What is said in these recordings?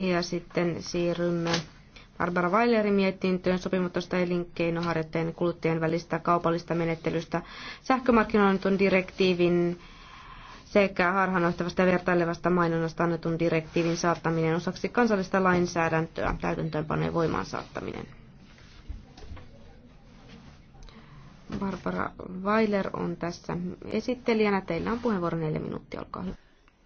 Ja sitten siirrymme Barbara Weilerin mietintöön sopimuksesta elinkeinoharjoittajien kuluttajien välistä kaupallista menettelystä sähkömarkkinoinnin direktiivin sekä harhaanohtavasta ja vertailevasta mainonnasta annetun direktiivin saattaminen osaksi kansallista lainsäädäntöä, täytäntöönpanojen voimaan saattaminen. Barbara Weiler on tässä esittelijänä. Teillä on puheenvuoro neljä minuuttia, olkaa hyvä.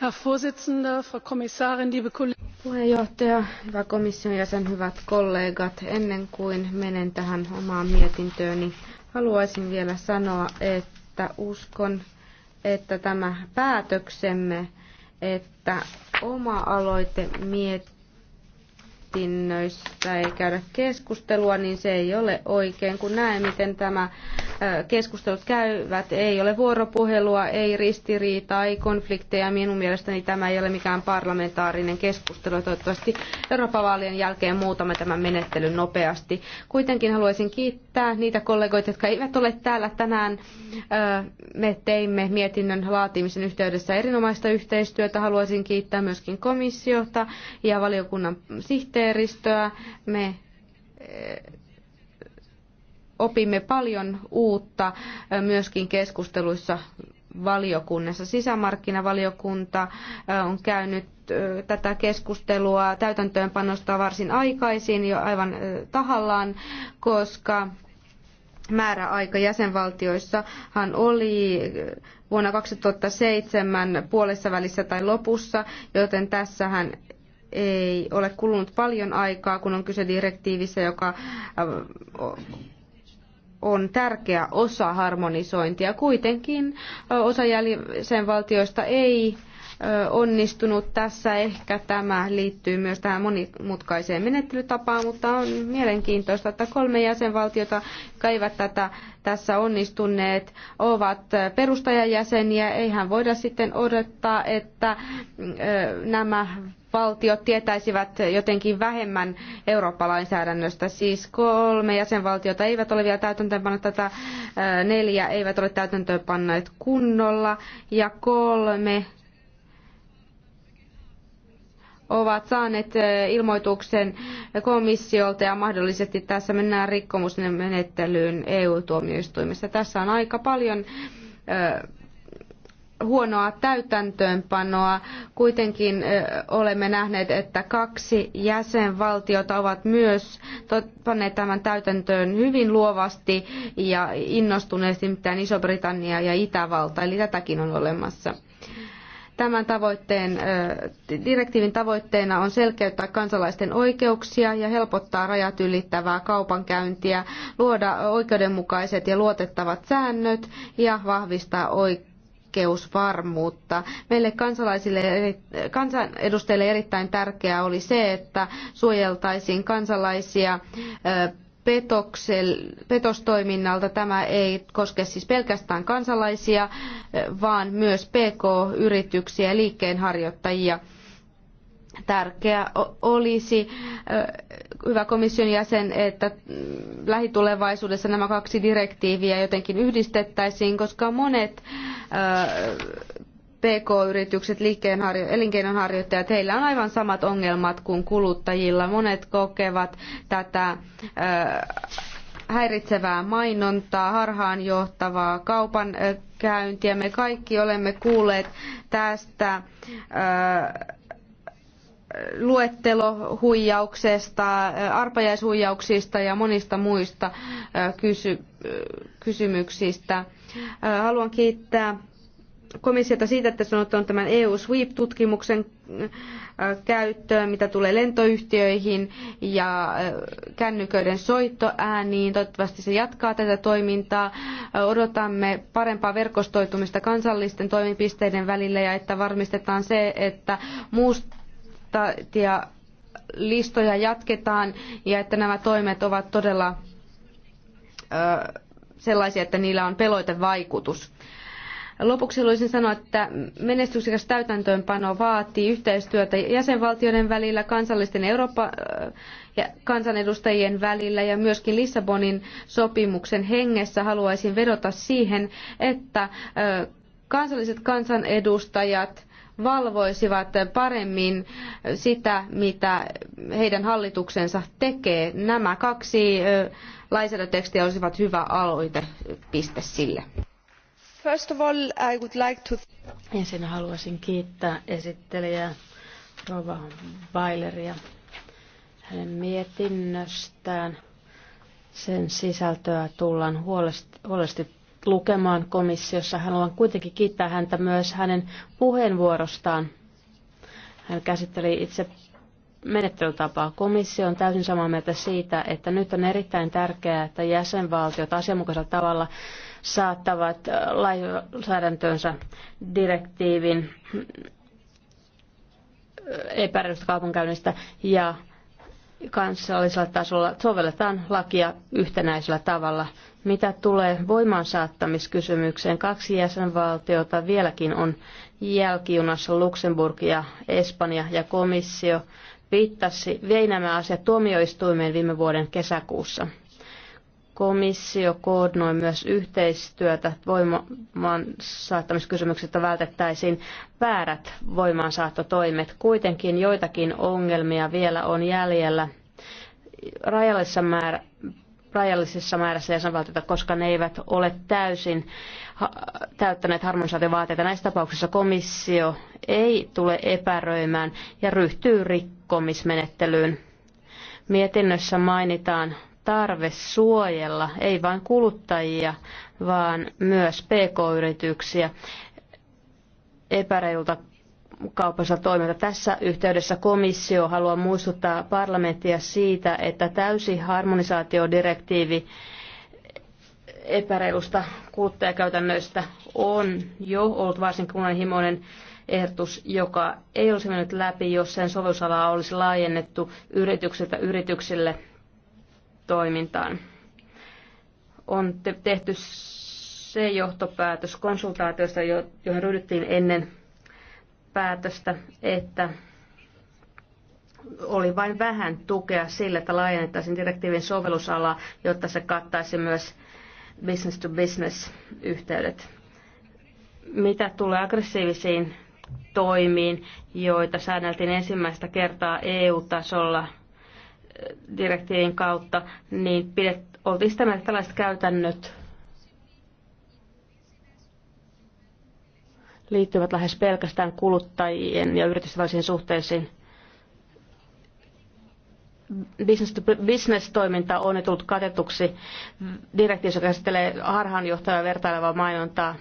Herr Vorsitzender, Frau Kommissarin, liebe Kollegen. Puheenjohtaja, hyvä komission jäsen, hyvät kollegat, ennen kuin menen tähän omaan mietintööni, niin haluaisin vielä sanoa, että uskon, että tämä päätöksemme, että oma aloite mietinnöistä ei käydä keskustelua, niin se ei ole oikein, kun näen, miten tämä keskustelut käyvät. Ei ole vuoropuhelua, ei ristiriitaa, ei konflikteja. Minun mielestäni tämä ei ole mikään parlamentaarinen keskustelu. Toivottavasti Euroopan vaalien jälkeen muutamme tämän menettelyn nopeasti. Kuitenkin haluaisin kiittää niitä kollegoita, jotka eivät ole täällä tänään. Me teimme mietinnön laatimisen yhteydessä erinomaista yhteistyötä. Haluaisin kiittää myöskin komissiota ja valiokunnan sihteeristöä. Me opimme paljon uutta myöskin keskusteluissa valiokunnassa. Sisämarkkinavaliokunta on käynyt tätä keskustelua täytäntöönpanosta varsin aikaisin jo aivan tahallaan, koska määräaika jäsenvaltioissahan oli vuonna 2007 puolessa välissä tai lopussa, joten tässähän ei ole kulunut paljon aikaa, kun on kyse direktiivissä, joka on tärkeä osa harmonisointia. Kuitenkin osa jäsenvaltioista ei onnistunut tässä. Ehkä tämä liittyy myös tähän monimutkaiseen menettelytapaan, mutta on mielenkiintoista, että kolme jäsenvaltiota, jotka eivät tätä, tässä onnistuneet, ovat perustajajäseniä. Eihän voida sitten odottaa, että nämä valtiot tietäisivät jotenkin vähemmän Eurooppa-lainsäädännöstä. Siis kolme jäsenvaltiota eivät ole vielä täytäntöönpanneet tätä, neljä eivät ole täytäntöönpanneet kunnolla ja kolme ovat saaneet eh, ilmoituksen komissiolta ja mahdollisesti tässä mennään rikkomusmenettelyyn EU-tuomioistuimessa. Tässä on aika paljon eh, huonoa täytäntöönpanoa. Kuitenkin eh, olemme nähneet, että kaksi jäsenvaltiota ovat myös panneet tämän täytäntöön hyvin luovasti ja innostuneesti, mitään Iso-Britannia ja Itävalta, eli tätäkin on olemassa. Tämän tavoitteen, direktiivin tavoitteena on selkeyttää kansalaisten oikeuksia ja helpottaa rajat ylittävää kaupankäyntiä, luoda oikeudenmukaiset ja luotettavat säännöt ja vahvistaa oikeuksia oikeusvarmuutta. Meille kansalaisille, kansanedustajille erittäin tärkeää oli se, että suojeltaisiin kansalaisia petoksel, petostoiminnalta. Tämä ei koske siis pelkästään kansalaisia, vaan myös PK-yrityksiä ja liikkeenharjoittajia. Tärkeää olisi, hyvä komission jäsen, että lähitulevaisuudessa nämä kaksi direktiiviä jotenkin yhdistettäisiin, koska monet PK-yritykset, liikkeenharjo- elinkeinonharjoittajat, heillä on aivan samat ongelmat kuin kuluttajilla. Monet kokevat tätä häiritsevää mainontaa, harhaanjohtavaa kaupan käyntiä. Me kaikki olemme kuulleet tästä luettelohuijauksesta, arpajaishuijauksista ja monista muista kysymyksistä. Haluan kiittää komissiota siitä, että se on ottanut tämän EU-SWEEP-tutkimuksen äh, käyttöön, mitä tulee lentoyhtiöihin ja äh, kännyköiden soittoääniin. Toivottavasti se jatkaa tätä toimintaa. Äh, odotamme parempaa verkostoitumista kansallisten toimipisteiden välillä ja että varmistetaan se, että muusta ja listoja jatketaan ja että nämä toimet ovat todella sellaisia, että niillä on peloitevaikutus. Lopuksi haluaisin sanoa, että menestyksekäs täytäntöönpano vaatii yhteistyötä jäsenvaltioiden välillä, kansallisten Eurooppa- äh, ja kansanedustajien välillä ja myöskin Lissabonin sopimuksen hengessä haluaisin vedota siihen, että äh, kansalliset kansanedustajat valvoisivat paremmin sitä, mitä heidän hallituksensa tekee. Nämä kaksi äh, lainsäädäntötekstiä olisivat hyvä aloite piste sille. First of all, I would like to... Ensin haluaisin kiittää esittelijää Rova Baileria hänen mietinnöstään. Sen sisältöä tullaan huolesti, huolesti lukemaan komissiossa. Haluan kuitenkin kiittää häntä myös hänen puheenvuorostaan. Hän käsitteli itse menettelytapaa. Komissio on täysin samaa mieltä siitä, että nyt on erittäin tärkeää, että jäsenvaltiot asianmukaisella tavalla saattavat lainsäädäntönsä direktiivin epäreilusta kaupankäynnistä ja kansallisella tasolla sovelletaan lakia yhtenäisellä tavalla. Mitä tulee voimaansaattamiskysymykseen, kaksi jäsenvaltiota vieläkin on jälkijunassa Luxemburg ja Espanja ja komissio viittasi, vei nämä asiat tuomioistuimeen viime vuoden kesäkuussa. Komissio koordinoi myös yhteistyötä voimaan että vältettäisiin väärät voimaansaattotoimet. Kuitenkin joitakin ongelmia vielä on jäljellä rajallisessa, määrä, rajallisessa määrässä jäsenvaltioita, koska ne eivät ole täysin ha- täyttäneet harmonisaatiovaateita. Näissä tapauksissa komissio ei tule epäröimään ja ryhtyy rikkomismenettelyyn. Mietinnössä mainitaan tarve suojella ei vain kuluttajia, vaan myös pk-yrityksiä epäreilulta kaupassa toiminta. Tässä yhteydessä komissio haluaa muistuttaa parlamenttia siitä, että täysi harmonisaatiodirektiivi epäreilusta kuluttajakäytännöistä on jo ollut varsin kunnianhimoinen ehdotus, joka ei olisi mennyt läpi, jos sen sovellusalaa olisi laajennettu yrityksiltä yrityksille toimintaan. On tehty se johtopäätös konsultaatiosta, johon ryhdyttiin ennen päätöstä, että oli vain vähän tukea sille, että laajennettaisiin direktiivin sovellusalaa, jotta se kattaisi myös business-to-business-yhteydet. Mitä tulee aggressiivisiin toimiin, joita säänneltiin ensimmäistä kertaa EU-tasolla – direktiivin kautta, niin pidet, oltiin sitä mieltä, tällaiset käytännöt liittyvät lähes pelkästään kuluttajien ja yritysten välisiin suhteisiin. Business-toiminta on nyt tullut katetuksi direktiivissä, joka käsittelee harhaanjohtajaa vertailevaa mainontaa.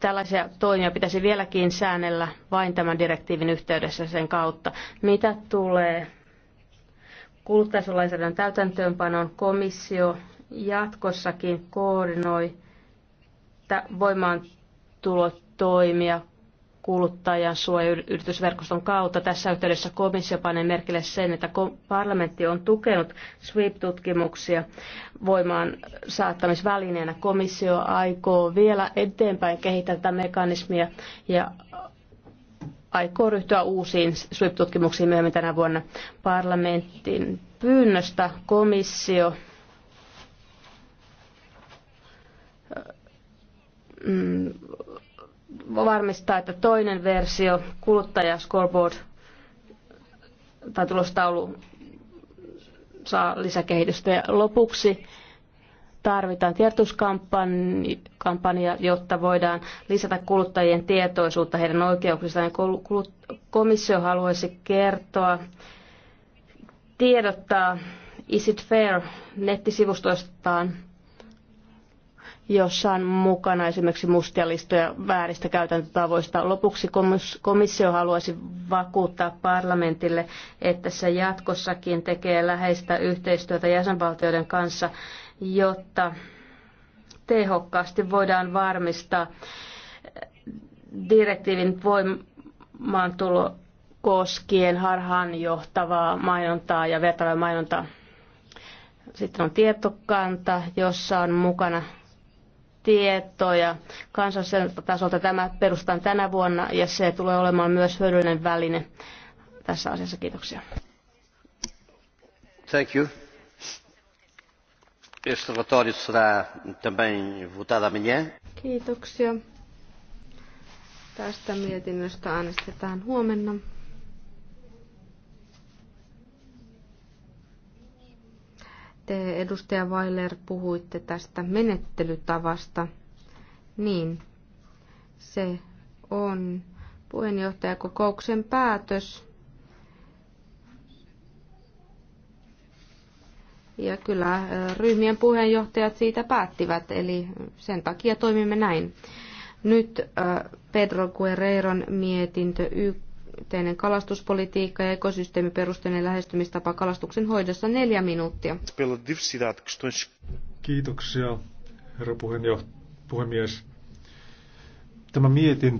Tällaisia toimia pitäisi vieläkin säännellä vain tämän direktiivin yhteydessä sen kautta. Mitä tulee Kuluttajasuojalainsäädännön täytäntöönpanon komissio jatkossakin koordinoi voimaantulotoimia kuluttajan suojayritysverkoston kautta. Tässä yhteydessä komissio panee merkille sen, että parlamentti on tukenut SWIP-tutkimuksia voimaan saattamisvälineenä. Komissio aikoo vielä eteenpäin kehittää tätä mekanismia ja aikoo ryhtyä uusiin SWIP-tutkimuksiin myöhemmin tänä vuonna. Parlamentin pyynnöstä komissio mm, varmistaa, että toinen versio kuluttaja scoreboard tai tulostaulu saa lisäkehitystä. Ja lopuksi tarvitaan tiedotuskampanja, jotta voidaan lisätä kuluttajien tietoisuutta heidän oikeuksistaan. Komissio haluaisi kertoa, tiedottaa Is it fair nettisivustoistaan, jossa on mukana esimerkiksi mustia listoja vääristä käytäntötavoista. Lopuksi komissio haluaisi vakuuttaa parlamentille, että se jatkossakin tekee läheistä yhteistyötä jäsenvaltioiden kanssa jotta tehokkaasti voidaan varmistaa direktiivin voimaantulo koskien harhaanjohtavaa mainontaa ja vertailua mainontaa. Sitten on tietokanta, jossa on mukana tietoja kansalliselta tasolta. Tämä perustetaan tänä vuonna ja se tulee olemaan myös hyödyllinen väline tässä asiassa. Kiitoksia. Thank you. Kiitoksia. Tästä mietinnöstä äänestetään huomenna. te edustaja Weiler puhuitte tästä menettelytavasta, niin se on puheenjohtajakokouksen päätös Ja kyllä äh, ryhmien puheenjohtajat siitä päättivät, eli sen takia toimimme näin. Nyt äh, Pedro Guerreiron mietintö yhteinen kalastuspolitiikka ja ekosysteemiperusteinen lähestymistapa kalastuksen hoidossa neljä minuuttia. Kiitoksia, herra puhemies. Tämä mietintö